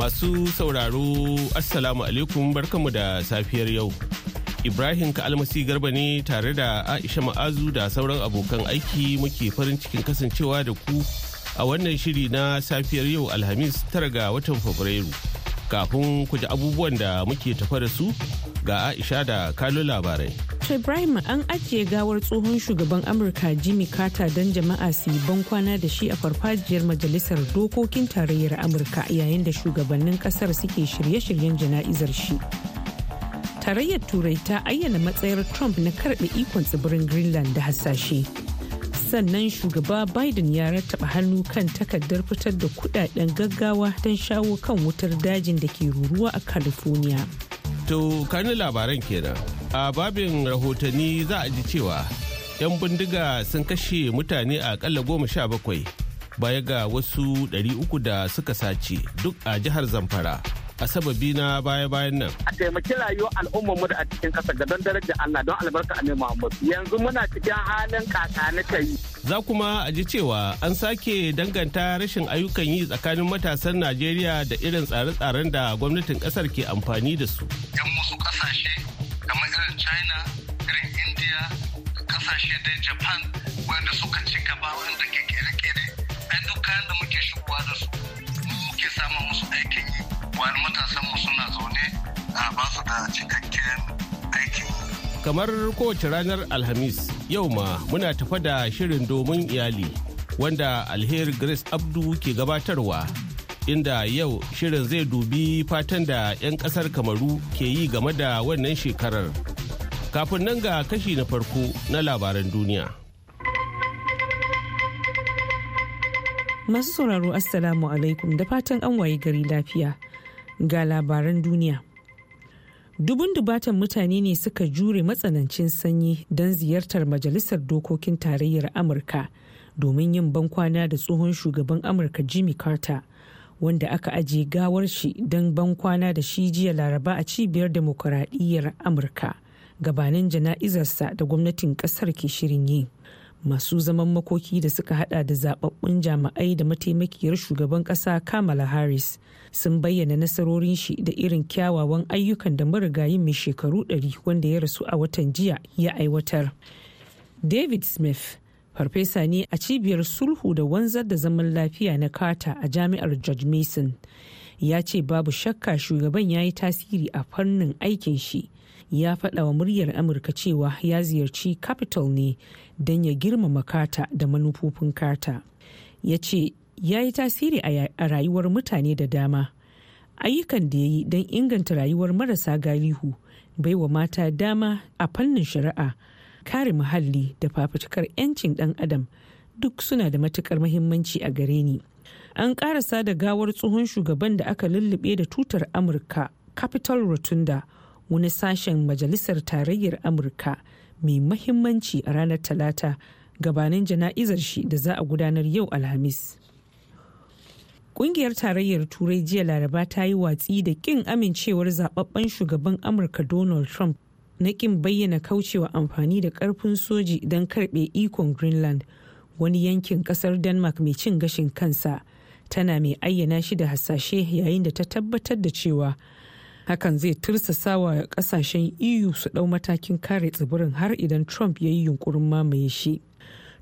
Masu sauraro Assalamu alaikum barkanmu da safiyar yau. Ibrahim Ka'almasi Garba ne tare da Aisha Ma'azu da sauran abokan aiki muke farin cikin kasancewa da ku a wannan shiri na safiyar yau Alhamis tara ga watan Fabrairu. kafin ku ji abubuwan da muke tafa da su ga Aisha da kalun labarai. To Ibrahim an ajiye gawar tsohon shugaban Amurka Jimmy Carter don jama'a su yi kwana da shi a farfajiyar majalisar dokokin tarayyar Amurka yayin da shugabannin kasar suke shirye-shiryen jana'izar shi. Tarayyar Turai ta ayyana matsayar Trump na karɓe ikon tsibirin Greenland da hasashe. sannan shugaba biden ya rattaba hannu kan takardar fitar da kudaden gaggawa don shawo kan wutar dajin da ke ruruwa a california to kani labaran kenan a babin rahotanni za a ji cewa 'yan bindiga sun kashe mutane a akalla goma sha bakwai baya ga wasu 300 da suka sace duk a jihar zamfara a sababi na baya-bayan nan. A taimaki rayuwar al'ummar mu da a cikin ƙasa ga don darajar Allah don albarka Annabi Muhammad. Yanzu muna cikin halin kaka na tayi. Za kuma a ji cewa an sake danganta rashin ayyukan yi tsakanin matasan Najeriya da irin tsare-tsaren da gwamnatin ƙasar ke amfani da su. Yan wasu ƙasashe kamar irin China, irin India, ƙasashe dai Japan wanda suka ci gaba wanda ke kere-kere, ai duk da muke shigowa da su, muke samun musu aikin yi. wani matasanmu suna zaune ba su da cikakken aiki. kamar kowace ranar alhamis yau ma muna tafa da shirin domin iyali wanda alheri grace abdu ke gabatarwa inda yau shirin zai dubi fatan da 'yan kasar kamaru ke yi game da wannan shekarar kafin nan ga kashi na farko na labaran duniya masu sauraro assalamu alaikum da fatan an waye gari lafiya ga labaran duniya. Dubun dubatan mutane ne suka jure matsanancin sanyi don ziyartar Majalisar Dokokin Tarayyar Amurka domin yin bankwana da tsohon shugaban Amurka Jimmy Carter, wanda aka ajiye gawar shi don bankwana da shi jiya laraba a cibiyar demokuraɗiyyar Amurka gabanin jana'izarsa da gwamnatin ƙasar ke shirin yi. masu zaman makoki da suka hada da zababbun jami'ai da mataimakiyar shugaban kasa kamala harris sun bayyana nasarorin shi da irin kyawawan ayyukan da marigayi mai shekaru 100 wanda ya rasu a watan jiya ya aiwatar david smith farfesa ne a cibiyar sulhu da wanzar da zaman lafiya na carter a jami'ar george mason ya ce babu shakka shugaban ya yi tasiri a fannin aikin shi ya faɗa wa muryar amurka cewa ya ziyarci capitol ne don ya girmama kata da manufofin kata ya ce ya yi tasiri a rayuwar mutane da dama ayyukan da ya yi don inganta rayuwar marasa galihu baiwa mata dama a fannin shari'a kare muhalli da fafutukar 'yancin ɗan adam duk suna da matukar mahimmanci a gare ni an karasa da gawar tsohon shugaban da aka lullube da tutar amurka capital rotunda wani sashen majalisar tarayyar amurka mai mahimmanci a ranar talata gabanin jana'izar shi da za a gudanar yau alhamis kungiyar tarayyar turai jiya laraba ta yi watsi da kin amincewar zababben shugaban amurka donald trump na kin bayyana kaucewa amfani da karfin soji don karbe ikon greenland wani yankin kasar denmark mai cin gashin kansa tana mai ayyana shi da hasashe yayin da ta tabbatar da cewa hakan zai tursasa wa kasashen eu su ɗau matakin kare tsibirin har idan trump ya yi yunkurin mamaye shi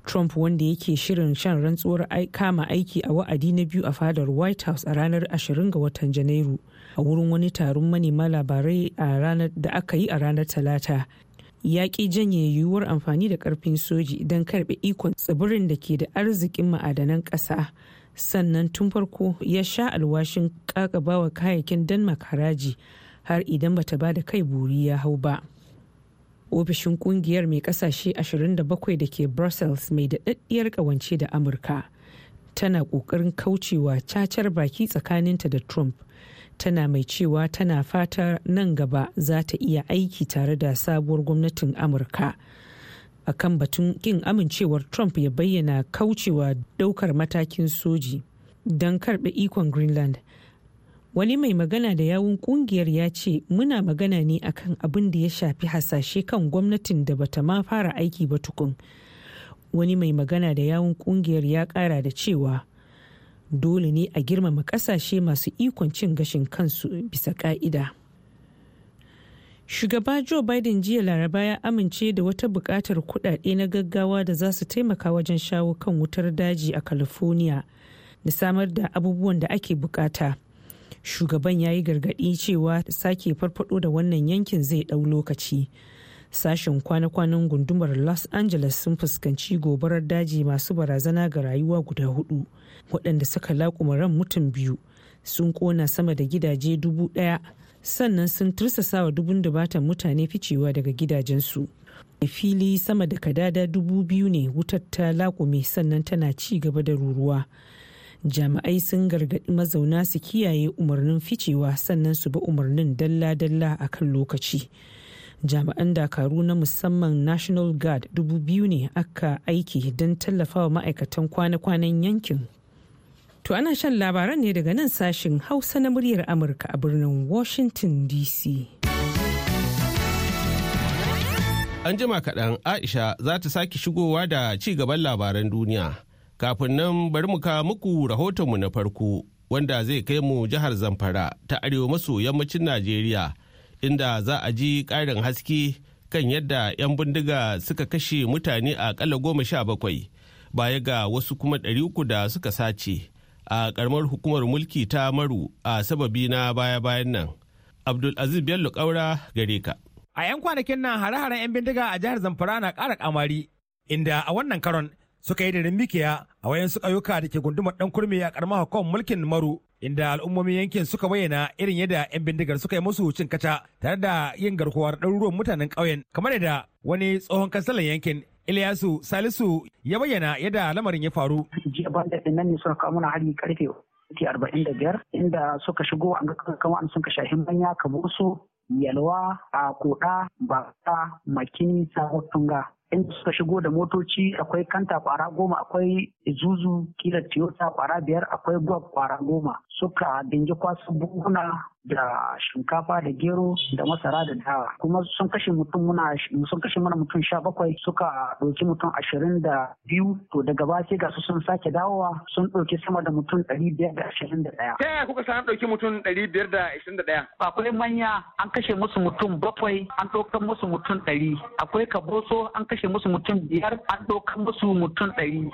trump wanda yake shirin shan rantsuwar kama aiki a wa'adi na biyu a fadar white house a ranar 20 ga watan janairu a wurin wani taron manema labarai a da aka yi a ranar talata ya ƙi janye yiwuwar amfani da ƙarfin soji don karɓe ikon tsibirin da ke da arzikin ma'adanan ƙasa sannan tun farko ya sha alwashin kakabawa kayayyakin denmark haraji har idan bata ba da kai buri ya hau ba ofishin kungiyar mai kasashe 27 da ke brussels mai daɗaɗɗiyar ƙawance da amurka tana ƙoƙarin kaucewa cacar baki tsakaninta da trump tana mai cewa tana fata nan gaba za ta iya aiki tare da sabuwar gwamnatin amurka a kan batun kin amincewar trump ya bayyana kaucewa daukar matakin soji don karbe ikon greenland wani mai magana da yawun kungiyar ya ce muna magana ne akan abin da ya shafi hasashe kan gwamnatin da bata ma fara aiki ba tukun wani mai magana da yawun kungiyar ya kara da cewa dole ne a girmama kasashe masu ikon cin gashin kansu bisa ka'ida. Shugaba Joe Biden jiya Laraba ya amince da wata buƙatar kuɗaɗe na gaggawa da za su taimaka wajen shawo kan wutar daji a California da samar da abubuwan da ake bukata. Shugaban ya yi gargaɗi cewa sake farfado da wannan yankin zai ɗau lokaci. Sashen kwana-kwanan gundumar Los Angeles sun fuskanci gobarar daji masu barazana ga rayuwa guda hudu, waɗanda suka laƙuma ran mutum biyu sun ƙona sama da gidaje dubu ɗaya. sannan sun tursasa wa dubun dubatan mutane ficewa daga gidajensu fili sama da kadada dubu biyu ne wutar ta lakume sannan tana ci gaba da ruruwa jami'ai sun gargaɗi mazauna su kiyaye umarnin ficewa sannan su bi umarnin dalla-dalla a kan lokaci jami'an dakaru na musamman national guard dubu biyu ne aka aiki don tallafawa ma'aikatan kwana-kwanan yankin To ana shan labaran ne daga nan sashin Hausa na muryar Amurka a birnin Washington DC. An jima kaɗan Aisha za ta sake shigowa da ci gaban labaran duniya. Kafin nan bari mu ka muku rahotonmu na farko wanda zai kai mu jihar Zamfara ta arewa maso yammacin Najeriya inda za a ji ƙarin haske kan yadda 'yan bindiga suka kashe mutane a kala goma sha bakwai baya ga wasu kuma ɗari uku da suka sace a karamar hukumar mulki ta maru a sababi na baya-bayan nan abdulaziz bello kaura gare ka a 'yan kwanakin nan hare-haren 'yan bindiga a jihar zamfara na ƙara kamari inda a wannan karon suka yi da mikiya a wayan su ƙauyuka da ke gundumar ɗan kurmi a karamar hukumar mulkin maru inda al'ummomin yankin suka bayyana irin yadda 'yan bindigar suka yi musu cin kaca tare da yin garkuwar ɗaruruwan mutanen ƙauyen kamar da wani tsohon kansalan yankin Ilyasu Salisu ya bayyana yadda lamarin ya faru. Jiya ban daɗin nan ne suka kawo mana hari karfe minti arba'in da biyar inda suka shigo an ga kama an sun ka shahin manya kabusu yalwa a koda baka makini sabon tunga in suka shigo da motoci akwai kanta kwara goma akwai izuzu kila toyota kwara biyar akwai gwab kwara goma suka dingi kwasu buhuna da shinkafa da gero da masara da dawa kuma sun kashe mutum muna sun kashe mana mutum sha bakwai suka ɗauki mutum ashirin da biyu to daga ba sai ga su sun sake dawowa sun ɗauki sama da mutum ɗari biyar da ashirin da ɗaya. Ta kuka kuka san ɗauki mutum ɗari biyar da ashirin da ɗaya? Akwai manya an kashe musu mutum bakwai an ɗaukar musu mutum ɗari akwai kaboso an kashe musu mutum biyar an ɗaukar musu mutum ɗari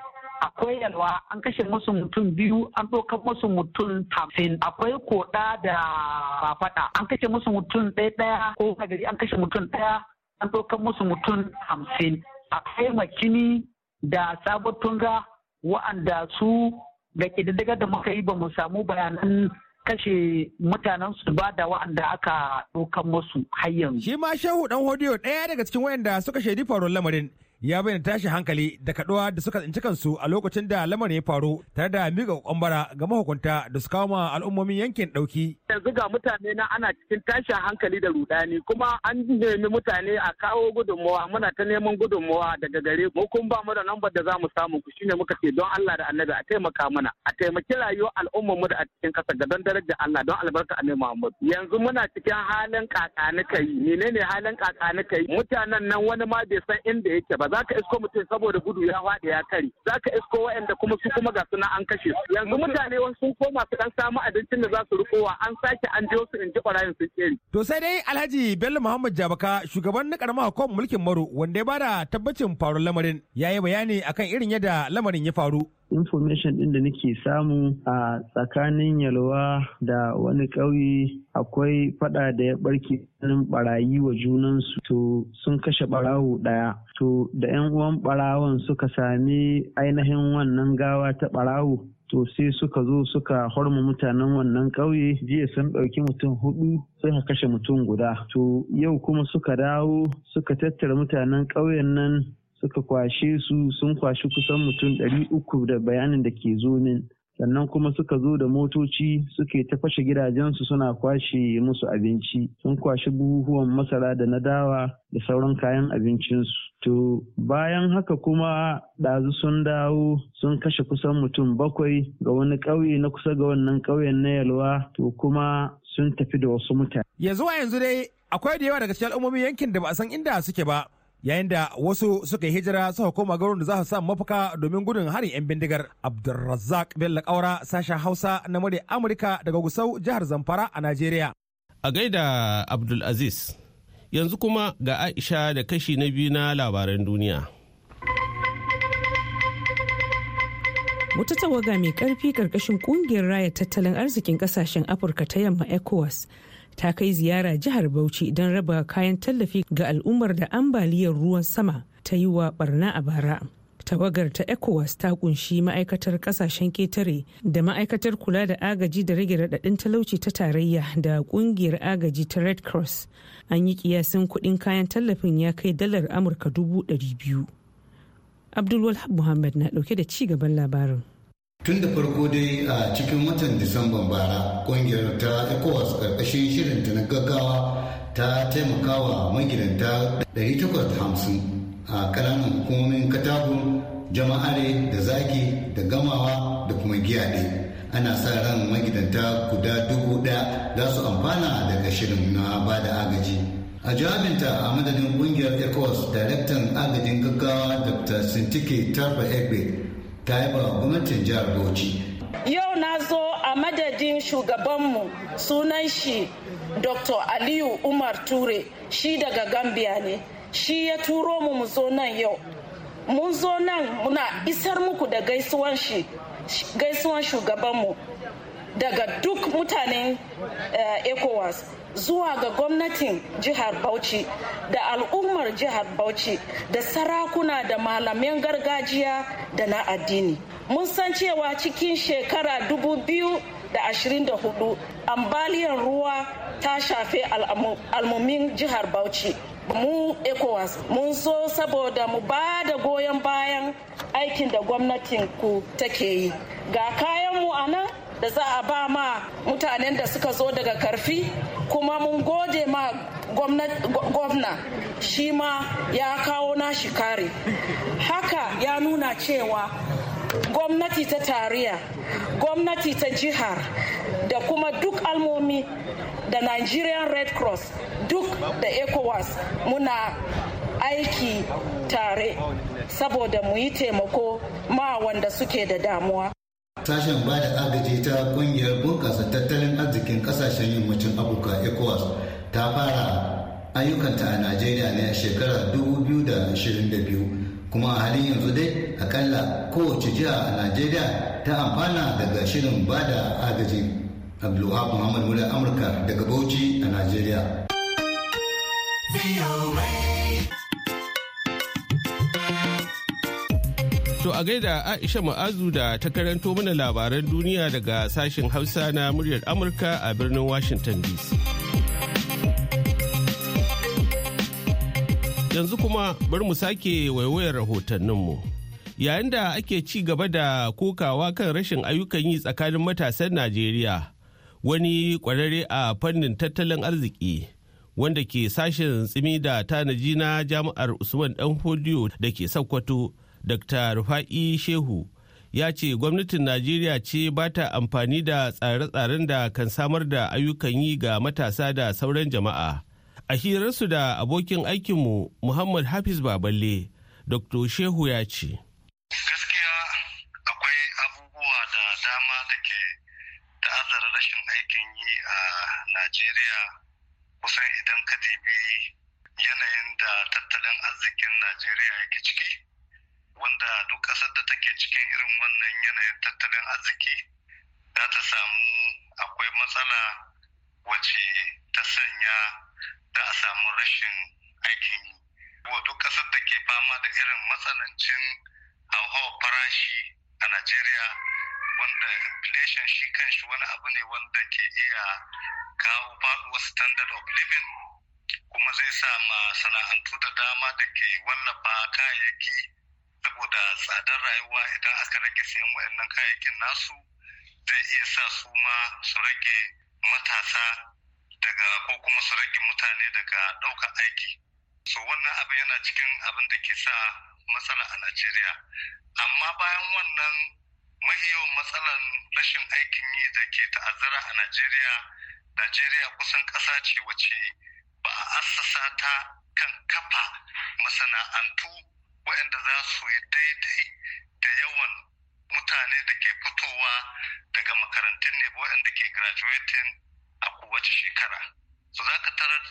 akwai yalwa an kashe musu mutum biyu an ɗaukar musu mutum hamsin akwai koɗa da fafaɗa an kashe musu mutum ɗaya ɗaya ko gari an kashe mutum ɗaya an ɗaukar musu mutum hamsin akwai makini da tunga wa'anda su ga ƙididdigar da muka yi ba mu samu bayanan kashe mutanen su ba da wa'anda aka ɗaukan musu har yanzu. Shi ma shehu ɗan hodiyo ɗaya daga cikin wayanda suka shaidi faruwar lamarin ya bayyana tashi hankali da kaduwa da suka tsinci kansu a lokacin da lamarin ya faru tare da miƙa kwambara ga mahukunta da su kawo ma al'ummomin yankin ɗauki. Yanzu ga mutane na ana cikin tashin hankali da rudani kuma an nemi mutane a kawo gudunmawa muna ta neman gudunmawa daga gare mu kun ba mu da lambar da za mu samu ku shine muka ce don Allah da Annabi a taimaka mana a taimaki rayuwar al'ummar mu da a cikin ƙasa ga don darajar Allah don albarka Annabi Muhammad. Yanzu muna cikin halin kakani kai menene halin kakani mutanen nan wani ma bai san inda yake ba za ka isko mutum saboda gudu ya faɗi ya kare za ka isko waɗanda kuma su kuma ga suna an kashe su yanzu mutane wasu sun koma su dan samu abincin da za su rikowa an sake an jiyo su in ji ɓarayin sun keri to sai dai alhaji bello muhammad jabaka shugaban na karamar hukumar mulkin maro wanda ya bada tabbacin faru lamarin ya yi bayani akan irin yadda lamarin ya faru information ɗin da nake samu a tsakanin yalwa da wani ƙauye akwai fada da ya barke tsakanin barayi wa junansu to sun kashe barawo ɗaya to da 'yan uwan barawon suka sami ainihin wannan gawa ta barawo to sai suka zo suka horma mutanen wannan ƙauye jiya sun ɗauki mutum hudu suka kashe mutum guda to yau kuma suka dawo suka tattara mutanen ƙauyen nan suka kwashe su sun kwashi kusan mutum ɗari uku da bayanin da ke zo min sannan kuma suka zo da motoci suke ta fashe gidajensu suna kwashe musu abinci sun kwashi buhuhuwan masara da na dawa da sauran kayan abincinsu to bayan haka kuma ɗazu sun dawo sun kashe kusan mutum bakwai ga wani ƙauye na kusa ga wannan ƙauyen na yalwa to kuma sun tafi da wasu mutane yanzu wa yanzu dai akwai da yawa daga cikin al'ummomin yankin da ba a san inda suke ba yayin da wasu suka yi hijira suka koma garin da za su sa mafaka domin gudun harin 'yan bindigar abdulrazak bello kaura sashen hausa na murya amurka daga gusau jihar zamfara a nigeria. a gaida abdulaziz yanzu kuma ga aisha da kashi na biyu na labaran duniya wata tawaga mai karfi karkashin kungiyar raya tattalin arzikin kasashen afirka ta yamma ecowas ta kai ziyara jihar Bauchi don raba kayan tallafi ga al'ummar da ambaliyar ruwan sama ta yi wa barna a bara. Tawagar ta ECOWAS ta kunshi ma'aikatar kasashen ketare da ma'aikatar kula da agaji da rage raɗaɗin talauci ta tarayya da ƙungiyar agaji ta Red Cross. An yi kiyasin kuɗin kayan tallafin ya kai dalar Amurka dubu ɗari biyu. Abdulwahab Muhammad na ɗauke da ci gaban labarin. tun da farko dai a cikin watan disamba bara kungiyar ta ecowas karkashin shirinta na gaggawa ta taimakawa magidanta 850 a kananan hukumomin katagun jama'are da zaki da gamawa da kuma giyaɗe ana sa ran magidanta guda dubu ɗaya za su amfana daga shirin na ba da agaji a jawabinta a madadin kungiyar ecowas daraktan agajin gaggawa dr sintike tarba egbe ta yaba wa gwamnatin jihar Bauchi. Yau na zo a madadin shugabanmu sunan shi Dr. Aliyu Umar Ture shi daga Gambia ne. Shi ya turo mu mu zo nan yau. Mun zo nan muna isar muku da gaisuwan shi gaisuwan shugabanmu daga duk mutanen eh, ECOWAS zuwa ga gwamnatin jihar Bauchi da al'ummar jihar Bauchi da sarakuna da malamin gargajiya da na addini. Mun san cewa cikin shekara dubu biyu da ashirin da hudu ambaliyar ruwa ta shafe al'ummin jihar Bauchi. mu ECOWAS mun so saboda mu ba da goyon bayan aikin da gwamnatin ku take yi. Ga kayanmu a nan da za a ba ma mutanen da suka zo daga karfi kuma mun gode ma gwamna shi ma ya kawo nashi kare haka ya nuna cewa gwamnati ta tariya gwamnati ta jihar da kuma duk almomi da nigerian red cross duk da ecowas muna aiki tare saboda mu yi taimako ma wanda suke da damuwa Sashen ba da agaji ta kungiyar bunƙasa tattalin arzikin ƙasashen yammacin abuka, ECOWAS ta fara ayyukanta a Najeriya ne a shekarar 2022 kuma a halin yanzu dai akalla kowace jiha a Najeriya ta amfana daga shirin ba da agaji. Abdulwahab Muhammad Mula Amurka daga Bauchi a Najeriya. To a gaida Aisha Ma'azu da ta karanto mana labaran duniya daga sashen Hausa na muryar Amurka a birnin Washington DC. Yanzu kuma bar mu sake waiwayar rahotanninmu. Yayin da ake ci gaba da kokawa kan rashin ayyukan yi tsakanin matasan Najeriya, wani kwararre a fannin tattalin arziki. wanda ke sashen tsimi da tanaji na jami'ar usman dan hodiyo da ke sokoto. dr rufa'i shehu ya ce gwamnatin najeriya ce ba ta amfani da tsare-tsaren da kan samar da ayyukan yi ga matasa da sauran jama'a a hirarsu da abokin aikinmu muhammad hafiz baballe dr shehu ya ce gaskiya akwai abubuwa da dama da ke ta'azzara rashin aikin yi a najeriya kusan idan ka dibi yanayin da tattalin arzikin najeriya yake ciki wanda duk ƙasar da take cikin irin wannan yanayin tattalin arziki za ta samu akwai matsala wace ta sanya da a samu rashin aikin yi. duk ƙasar da ke fama da irin matsanancin hauhawar farashi a Najeriya wanda inflation shi kan shi wani abu ne wanda ke iya kawo faɗuwar standard of living kuma zai sa masana'antu da dama da ke wallafa kayayyaki saboda tsadar rayuwa idan aka rage sayan waɗannan kayayyakin nasu zai iya sa su ma su rage matasa daga ko kuma su rage mutane daga ɗaukar aiki so wannan abin yana cikin abin da ke sa matsala a najeriya amma bayan wannan mahiyawan matsalan rashin aikin yi da ke ta'azzara a najeriya najeriya kusan ƙasa ce wace ba a assasa ta kan kafa masana'antu waɗanda za su yi daidai da yawan mutane da ke fitowa daga makarantun ne waɗanda ke graduating a kowace shekara so za ka tarar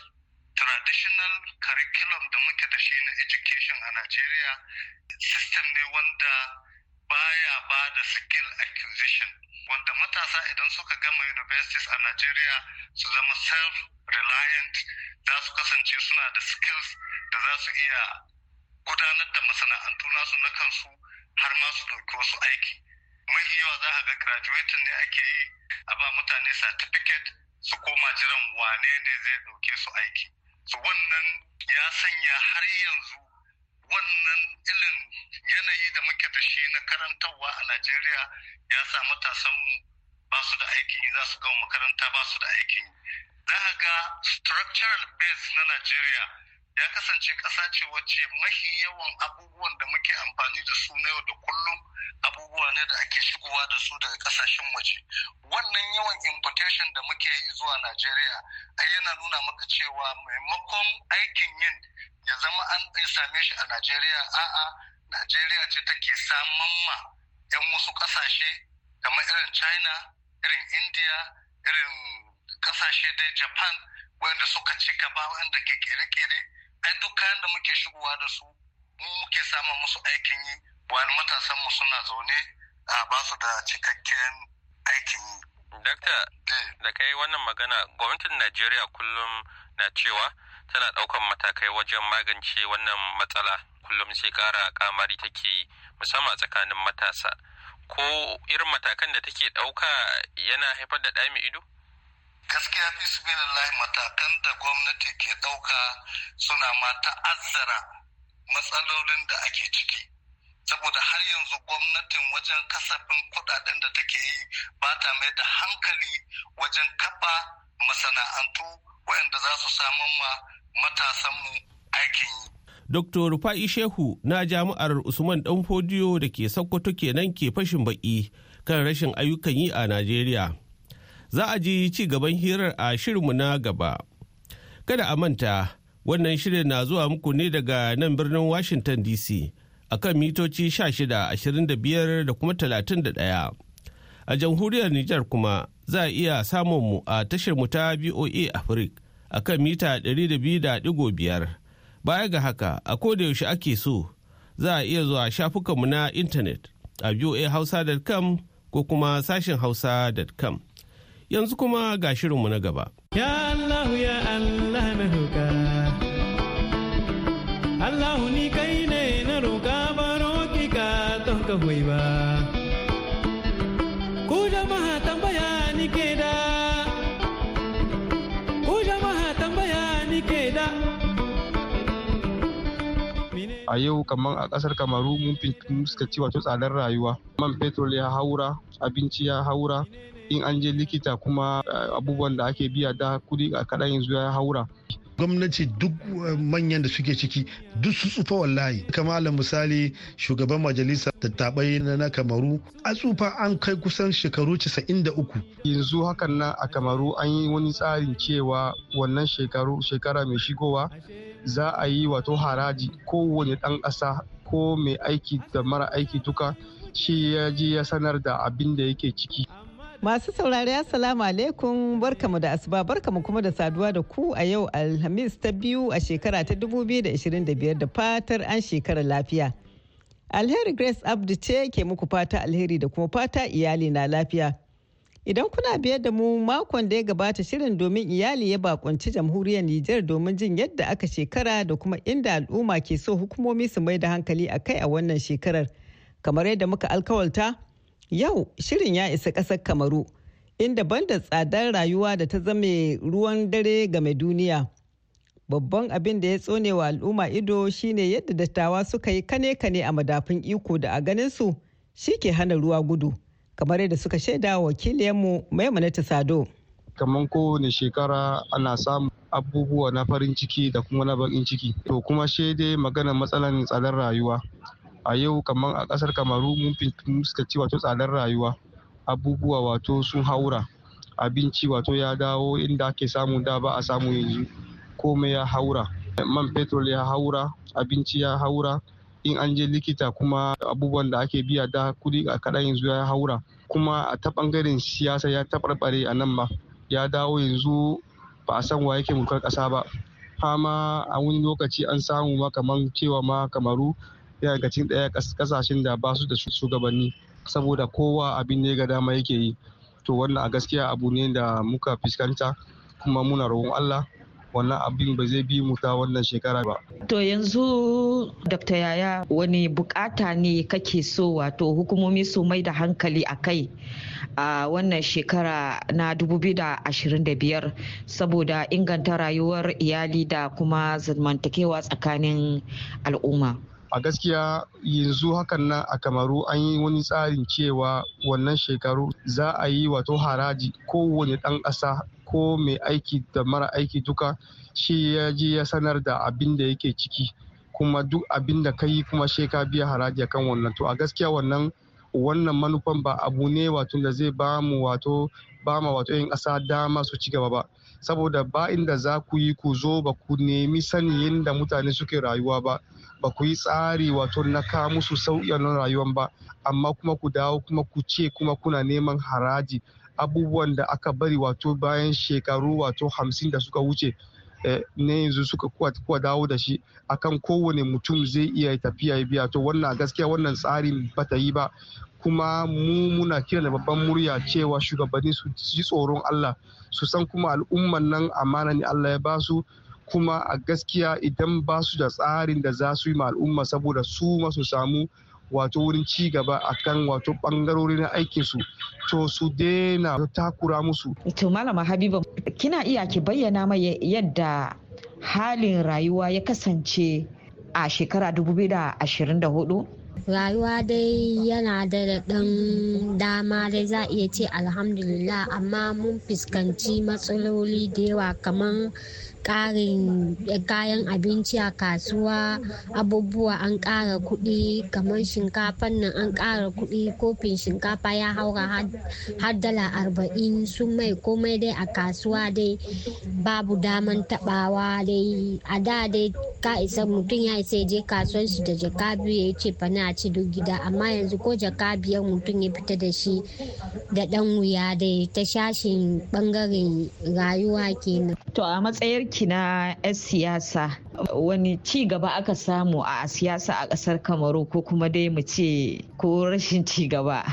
traditional curriculum da muke da shi na education a Najeriya system ne wanda baya ba da skill acquisition wanda matasa idan suka gama universities a Najeriya su zama self-reliant za su kasance suna da skills da za su iya gudanar da masana'antu nasu na kansu har ma su ɗauki wasu aiki mafi yawa za a ga graduating ne ake yi a ba mutane certificate su koma jiran wane ne zai ɗauke su aiki su wannan ya sanya har yanzu wannan ilin yanayi da muke da shi na karantarwa a najeriya ya sa matasanmu ba su da aikin yi za su gama makaranta ba su da aikin yi za a ga structural base na najeriya ya kasance ƙasa ce wacce mafi yawan abubuwan da muke amfani da su na yau da kullum abubuwa ne da ake shigowa da su daga ƙasashen waje wannan yawan importation da muke yi zuwa najeriya ai yana nuna maka cewa maimakon aikin yin ya zama an same shi a najeriya a'a najeriya ce take samun ma 'yan wasu ƙasashe kamar irin china irin india irin ƙasashe dai japan wanda suka ci gaba wanda ke kere-kere ai duk kayan da muke shigowa da su mu muke sama musu aikin yi wani matasan mu suna zaune a ba su da cikakken aikin yi dakta eh. da kai wannan magana gwamnatin najeriya kullum na cewa tana ɗaukar matakai wajen magance wannan matsala kullum sai kara kamari take yi musamman a tsakanin matasa ko irin matakan da take ɗauka yana haifar da ɗami ido gaskiya fi su matakan da gwamnati ke ɗauka suna ma ta'azzara matsalolin da ake ciki saboda har yanzu gwamnatin wajen kasafin kudaden da take yi ba ta mai da hankali wajen kafa masana'antu waɗanda za su samun ma matasanmu aikin yi. Dr. Rufa'i Shehu na jami'ar Usman Dan Fodiyo da ke Sokoto kenan ke fashin baki kan rashin ayyukan yi a Najeriya. za a ji ci gaban hirar a shirinmu na gaba. Kada a manta, wannan shirin na zuwa muku ne daga nan birnin Washington DC a kan mitoci 1625 da kuma 31. A jamhuriyar Nijar kuma za a iya samun mu a tashar mu ta BOA Africa a kan mita 200.5. Baya ga haka, a yaushe ake so, za a iya zuwa shafukanmu na intanet a voahausa.com ko kuma sashen hausa.com. yanzu kuma ga shirinmu na gaba. Ya Allah ya Allah na roƙa. Allah ni kai ne na roƙa ba roƙi ka don ka hoyi ba. Ku jama'a tambaya ni ke da. Ku jama'a tambaya ni ke da. A yau kamar a ƙasar Kamaru mun fi fuskaci wato tsadar rayuwa. Man fetur ya haura, abinci ya haura, in an je likita kuma eh, abubuwan da ake biya da kudi a kaɗan yanzu ya haura gwamnati duk eh, manyan da suke ciki duk su tsufa wallahi kamala misali shugaban majalisa tattabai na kamaru a tsufa an kai kusan shekaru 93 yanzu hakan na a kamaru an yi wani tsarin cewa wannan shekaru shekara mai shigowa za a yi wato haraji kowane ɗan ƙasa ko mai aiki da mara aiki duka shi ya je ya sanar da abin da yake ciki Masu saurari Assalamu alaikum barkamu da asuba barkamu kuma da saduwa da ku a yau Alhamis ta biyu a shekara ta 2025 da fatar an shekara lafiya. Alheri Grace Abdu ce ke muku fata alheri da kuma fata iyali na lafiya. Idan kuna biyar da mu makon da ya gabata shirin domin iyali ya bakunci jamhuriyar Nijar domin jin yadda aka shekara da kuma inda al'umma ke so hukumomi su mai da hankali a kai a wannan shekarar. Kamar yadda muka alkawalta, Yau shirin ya isa ƙasar Kamaru, inda banda tsadar rayuwa da ta zame ruwan dare ga mai duniya. Babban abin da ya tsone wa al'umma ido shine yadda dattawa suka yi kane-kane a madafin iko da a ganinsu su shi ke hana ruwa gudu, kamar yadda suka shaida wa wakiliyanmu Maimunatu Sado. Kamar kowane shekara ana samu abubuwa na farin ciki da kuma na bakin ciki. To kuma shi magana maganar matsalar tsadar rayuwa. a yau kamar a kasar kamaru mun ci wato tsadar rayuwa abubuwa wato sun haura abinci wato ya dawo inda ake samu da ba a samu yanzu komai ya haura man fetur ya haura abinci ya haura in an je likita kuma abubuwan da ake biya da kudi a kaɗan yanzu ya haura kuma a ta ɓangaren siyasa ya taɓarɓare a nan ba ya dawo yanzu ba a san wa yake mulkar ƙasa ba fama a wani lokaci an samu ma kamar cewa ma kamaru yana daga cikin ɗaya kasashen da ba su da shugabanni saboda kowa abin ne ga dama yake yi to wannan a gaskiya abu ne da muka fuskanta kuma muna roƙon Allah wannan abin ba zai bi mu ta wannan shekara ba. To yanzu Dr. Yaya wani bukata ne kake so wato hukumomi su mai da hankali a kai a wannan shekara na 2025 saboda inganta rayuwar iyali da kuma zamantakewa tsakanin al'umma. a gaskiya yanzu hakan nan a kamaru an yi wani tsarin cewa wannan shekaru za a yi wato haraji kowane ɗan ƙasa ko mai aiki da mara aiki duka shi ya je ya sanar da abin da yake ciki kuma duk abin da ka yi kuma shi ka biya haraji kan wannan to a gaskiya wannan wannan manufan ba abu ne wato da zai ba mu wato ba ma wato yin ƙasa dama su ci gaba ba saboda ba inda za ku yi ku zo ba ku nemi sani yadda mutane suke rayuwa ba ba ku yi tsari wato na ka musu na rayuwan ba amma kuma ku dawo kuma ku ce kuma kuna neman haraji abubuwan da aka bari wato bayan shekaru wato hamsin da suka wuce eh, ne yanzu suka kuwa dawo da shi akan kowane mutum zai iya tafiya ya biya to wannan gaskiya wannan tsarin bata yi ba kuma mu muna kira da babban murya cewa shugabanni su ji tsoron Allah su san kuma al'umman nan amana ne Allah ya basu kuma a gaskiya idan ba su da tsarin da za su yi ma al'umma saboda su masu samu wato wurin ci gaba akan wato bangarori na aikin su to su daina takura musu to malama habiba kina iya ki bayyana mai yadda halin rayuwa ya kasance a shekara 2024 rayuwa dai yana da ɗan dama dai za a iya ce alhamdulillah amma mun fuskanci matsaloli da yawa kamar ƙarin eh, kayan abinci a kasuwa abubuwa an ƙara kuɗi kamar shinkafa nan an ƙara kuɗi kofin shinkafa ya haura har dala arba'in sun mai komai dai a kasuwa dai babu daman taɓawa dai a da dai ka isa mutum ya isa je kasuwan shi da jaka biyu ya ce fana a ci duk gida amma yanzu ko jaka biyar mutum ya fita da shi da dan wuya dai ta shashin bangaren rayuwa kenan. To a matsayar aiki na 'yan siyasa wani ci gaba aka samu a siyasa a ƙasar kamaru ko kuma dai mu ce ko rashin ci gaba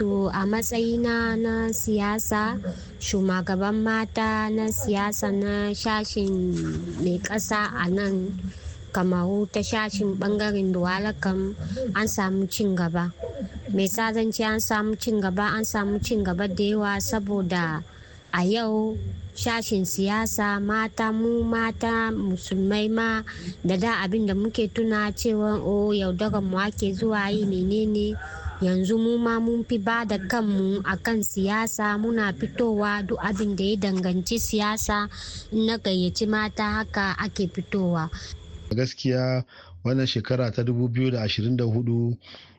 To a matsayina na siyasa, shugaban mata na siyasa na shashin mai ƙasa a nan kamaru ta shashin ɓangaren duwala kam an samu cin gaba. Mai sazanci an samu cin gaba an samu cin gaba da yawa saboda a yau shashin siyasa mata mu mata musulmai ma da da abin da muke tuna cewa o oh, yaudaran mu ake zuwa yi menene yanzu mu ma mun fi ba da kanmu a kan siyasa muna fitowa duk abin da ya danganci siyasa na gayyaci mata haka ake fitowa gaskiya wannan shekara ta 2024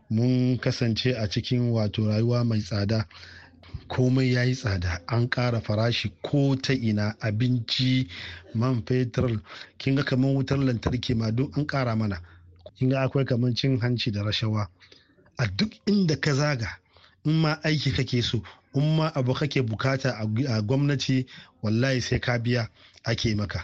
mun kasance a cikin wato rayuwa mai tsada komai ya yi tsada an ƙara farashi ko ta ina abinci man fetur kin ga kamar wutar lantarki ma duk an ƙara mana kin ga akwai kamar cin hanci da rashawa a duk inda ka zaga in ma aiki kake so in ma abu kake bukata a gwamnati wallahi sai ka biya ake maka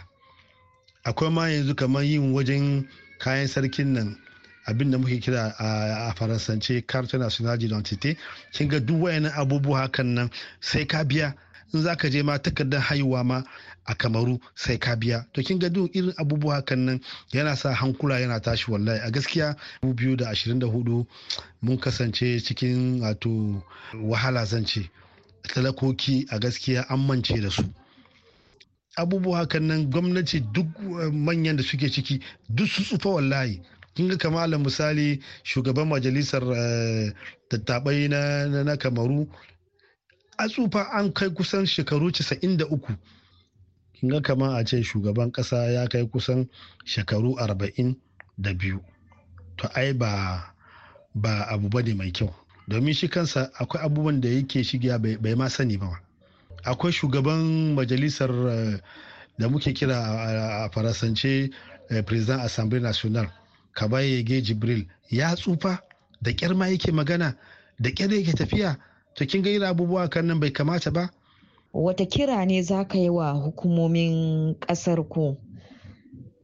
akwai ma yanzu kamar yin wajen kayan sarkin nan abin da muke kira a faransance carte nationale d'identité kin ga duk wayannan abubuwa hakan nan sai ka biya in za ka je ma takardar haihuwa ma a kamaru sai ka biya to kin ga duk irin abubuwa hakan nan yana sa hankula yana tashi wallahi a gaskiya biyu da mun kasance cikin wato wahala zance talakoki a gaskiya an mance da su abubuwa hakan nan gwamnati duk eh, manyan da suke ciki duk su tsufa wallahi Kin ga kamala misali shugaban majalisar tattabai eh, na kamaru a tsufa an kai kusan shekaru 93 kin ga kama a ce shugaban kasa ya kai kusan shekaru 42 to ai ba ba abu bane mai kyau domin shi kansa akwai abubuwan da yake shiga bai ma sani ba akwai shugaban majalisar eh, da muke kira a faransance eh, president assembly national kabayege jibril ya tsufa da ƙyarma ma yake magana da kyar yake tafiya to kin ga abubuwa kan nan bai kamata ba wata kira ne za ka yi wa hukumomin ƙasar ku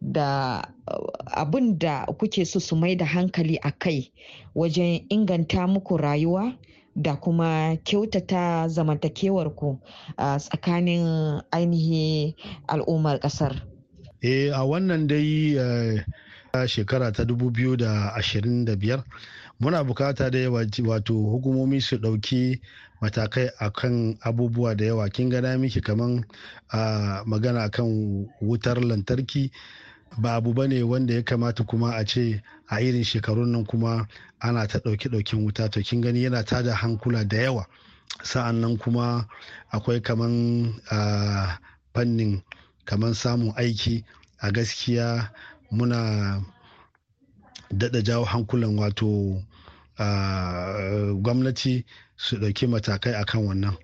da uh, abin da kuke so su mai da hankali a kai wajen inganta muku rayuwa da kuma kyautata zamantakewar ku a uh, tsakanin ainihin al'ummar ƙasar. Eh, a wannan dai uh, a shekara ta 2025 muna bukata da yawa wato hukumomi su ɗauki matakai akan abubuwa da yawa kin gana miki kaman magana kan wutar lantarki babu abu ba ne wanda ya kamata kuma a ce a irin shekarun nan kuma ana ta ɗauki ɗaukin wuta to kin gani yana tada hankula da yawa sa'an nan kuma akwai kaman fannin kaman samun aiki a gaskiya muna daɗa jawo hankulan wato gwamnati su ɗauki matakai akan wannan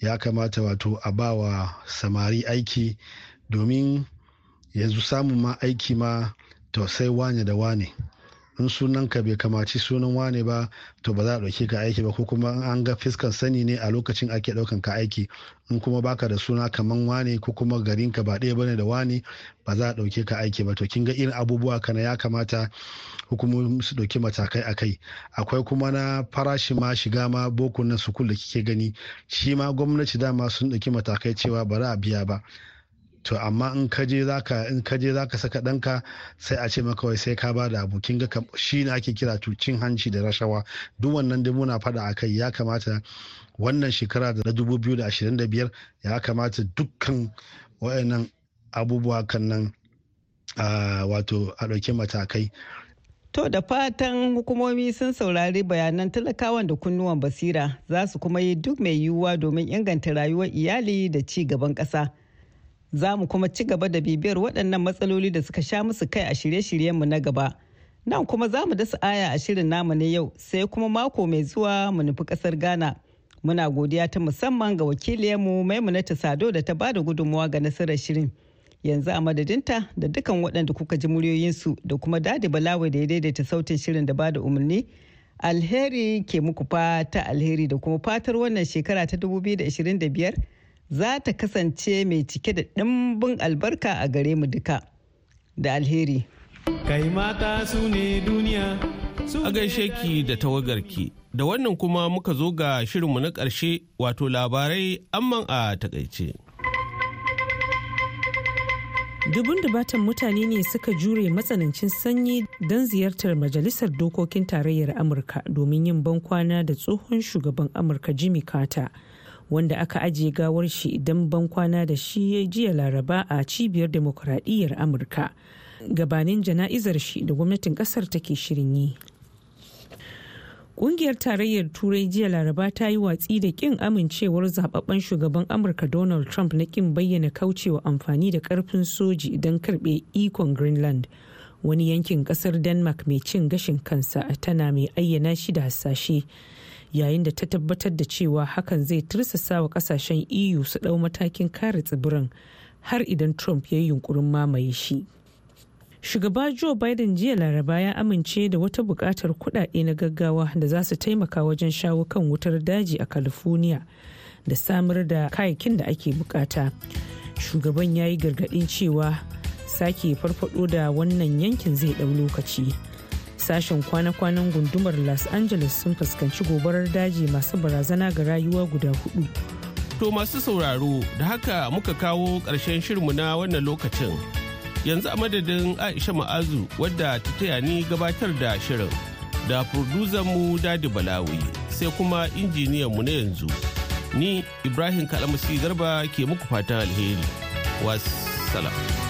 ya kamata wato a ba wa samari aiki domin yanzu samun ma aiki ma to sai wane da wane in sunan ka bai kamaci sunan wane ba to ba za a ɗauke ka aiki ba ko kuma in an ga fiskan sani ne a lokacin ake ɗaukan ka aiki in kuma baka da suna kaman wane ko kuma garin ka ba ɗaya bane da wane ba za a ɗauke ka aiki ba to kin ga irin abubuwa kana ya kamata hukumomi su ɗauki matakai akai. akwai kuma na farashi ma shiga ma boko na sukul da kike gani shi ma gwamnati dama sun ɗauki matakai cewa ba za a biya ba to amma in ka je zaka in ka je zaka saka ɗanka sai a ce maka wai sai ka ba da abu kin ga shi ne ake kira to cin hanci da rashawa duk wannan dai muna fada akai ya kamata wannan shekara da 2025 ya kamata dukkan wayannan abubuwa kan nan wato a ɗauki matakai To da fatan hukumomi sun saurari bayanan talakawan da kunnuwan basira za su kuma yi duk mai yiwuwa domin inganta rayuwar iyali da ci gaban ƙasa. za mu kuma ci gaba da bibiyar waɗannan matsaloli da suka sha musu kai a shirye-shiryenmu na gaba. Nan kuma za mu dasa aya a shirin namu na yau sai kuma mako mai zuwa mu nufi ƙasar Ghana. Muna godiya ta musamman ga wakiliyarmu ta Sado da ta bada gudummawa ga nasarar shirin. Yanzu a madadinta da dukkan waɗanda kuka ji muryoyinsu da kuma Dadi balawai da ya daidaita sautin shirin da bada umarni. Alheri ke muku fata alheri da kuma fatar wannan shekara ta biyar. za ta kasance mai cike da ɗimbin albarka a gare mu duka da alheri. Kai mata su ne duniya. A gaishe ki da tawagarki, da wannan kuma muka zo ga shirinmu na ƙarshe wato labarai amman a takaice. Dubun dubatan mutane ne suka jure matsanancin sanyi don ziyartar Majalisar Dokokin Tarayyar Amurka domin yin bankwana da tsohon shugaban Amurka Jimmy Carter. wanda aka ajiye gawar shi idan ban kwana da shi ya jiya laraba a cibiyar demokuraɗiyyar amurka gabanin jana'izar shi da gwamnatin kasar take shirin yi Ƙungiyar tarayyar Turai jiya Laraba ta yi watsi da ƙin amincewar zababben shugaban Amurka Donald Trump na ƙin bayyana kaucewa amfani da ƙarfin soji don karɓe ikon Greenland, wani yankin ƙasar Denmark mai cin gashin kansa tana mai ayyana shi da hasashe yayin da ta tabbatar da cewa hakan zai tirsasa wa kasashen eu su ɗau matakin kare tsibirin har idan trump ya yi yunkurin mamaye shi shugaba joe biden jiya laraba ya amince da wata buƙatar kuɗaɗe na gaggawa da za su taimaka wajen shawo kan wutar daji a california da samar da kayakin da ake bukata shugaban ya yi gargaɗin cewa sake farfaɗo da wannan yankin zai ɗau lokaci sashen kwana-kwanan gundumar los angeles sun fuskanci gobarar daji masu barazana ga rayuwa guda hudu to masu sauraro da haka muka kawo ƙarshen shirmu na wannan lokacin yanzu a madadin aisha ma'azu wadda ta taya ni gabatar da shirin da mu dadi balawi sai kuma injiniyan mu na yanzu ni ibrahim kalamasi garba ke muku fatan alheri wasu wassalam